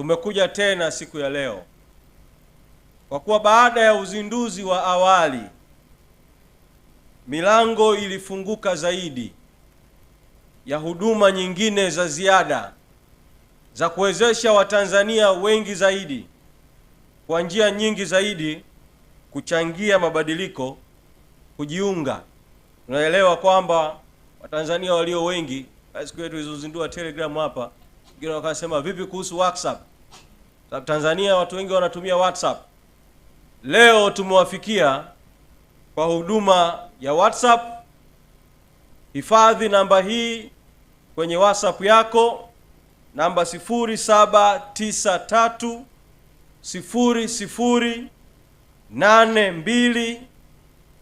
tumekuja tena siku ya leo kwa kuwa baada ya uzinduzi wa awali milango ilifunguka zaidi ya huduma nyingine za ziada za kuwezesha Watanzania wengi zaidi kwa njia nyingi zaidi kuchangia mabadiliko, kujiunga. Tunaelewa kwamba Watanzania walio wengi siku yetu ilizozindua Telegram hapa, wengine wakasema vipi kuhusu WhatsApp? Tanzania watu wengi wanatumia WhatsApp. Leo tumewafikia kwa huduma ya WhatsApp. Hifadhi namba hii kwenye WhatsApp yako, namba 0793 mbili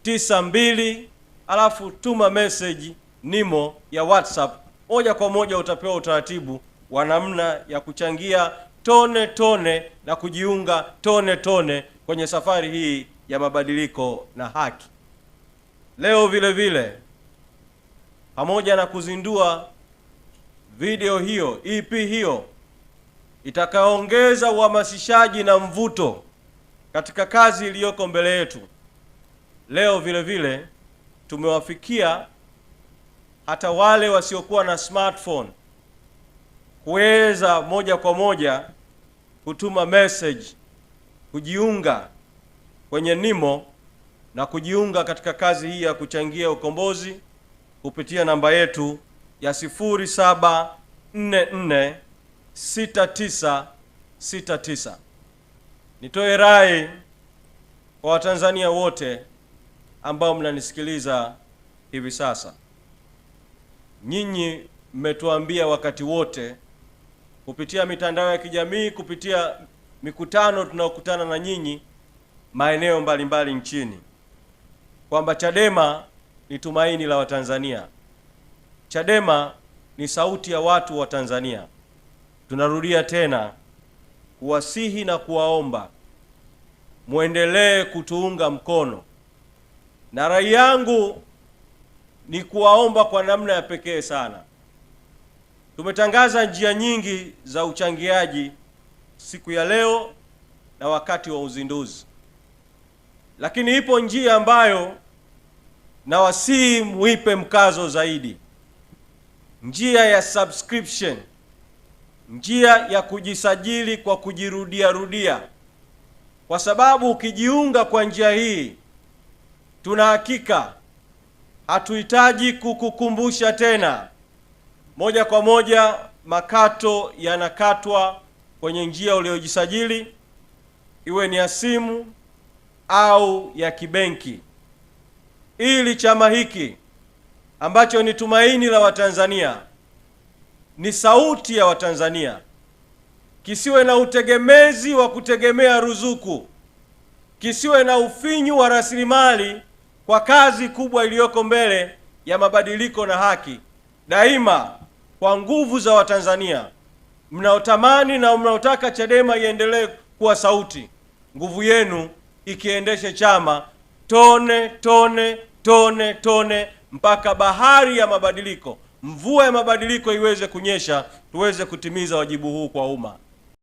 tisa mbili alafu tuma message nimo ya WhatsApp. Moja kwa moja utapewa utaratibu wa namna ya kuchangia tone tone na kujiunga tone tone kwenye safari hii ya mabadiliko na haki. Leo vile vile, pamoja na kuzindua video hiyo EP hiyo itakayoongeza uhamasishaji na mvuto katika kazi iliyoko mbele yetu, leo vile vile tumewafikia hata wale wasiokuwa na smartphone kuweza moja kwa moja kutuma message, kujiunga kwenye Nimo na kujiunga katika kazi hii ya kuchangia ukombozi kupitia namba yetu ya 6969 Nitoe rai kwa Watanzania wote ambao mnanisikiliza hivi sasa, nyinyi mmetuambia wakati wote kupitia mitandao ya kijamii, kupitia mikutano tunaokutana na nyinyi maeneo mbalimbali nchini kwamba Chadema ni tumaini la Watanzania. Chadema ni sauti ya watu wa Tanzania. Tunarudia tena kuwasihi na kuwaomba mwendelee kutuunga mkono, na rai yangu ni kuwaomba kwa namna ya pekee sana Tumetangaza njia nyingi za uchangiaji siku ya leo na wakati wa uzinduzi, lakini ipo njia ambayo na wasii muipe mkazo zaidi, njia ya subscription, njia ya kujisajili kwa kujirudia rudia, kwa sababu ukijiunga kwa njia hii, tuna hakika hatuhitaji kukukumbusha tena moja kwa moja makato yanakatwa kwenye njia uliyojisajili, iwe ni ya simu au ya kibenki, ili chama hiki ambacho ni tumaini la Watanzania, ni sauti ya Watanzania, kisiwe na utegemezi wa kutegemea ruzuku, kisiwe na ufinyu wa rasilimali kwa kazi kubwa iliyoko mbele ya mabadiliko na haki. Daima kwa nguvu za Watanzania mnaotamani na mnaotaka Chadema iendelee kuwa sauti, nguvu yenu ikiendeshe chama tone tone tone tone mpaka bahari ya mabadiliko, mvua ya mabadiliko iweze kunyesha, tuweze kutimiza wajibu huu kwa umma.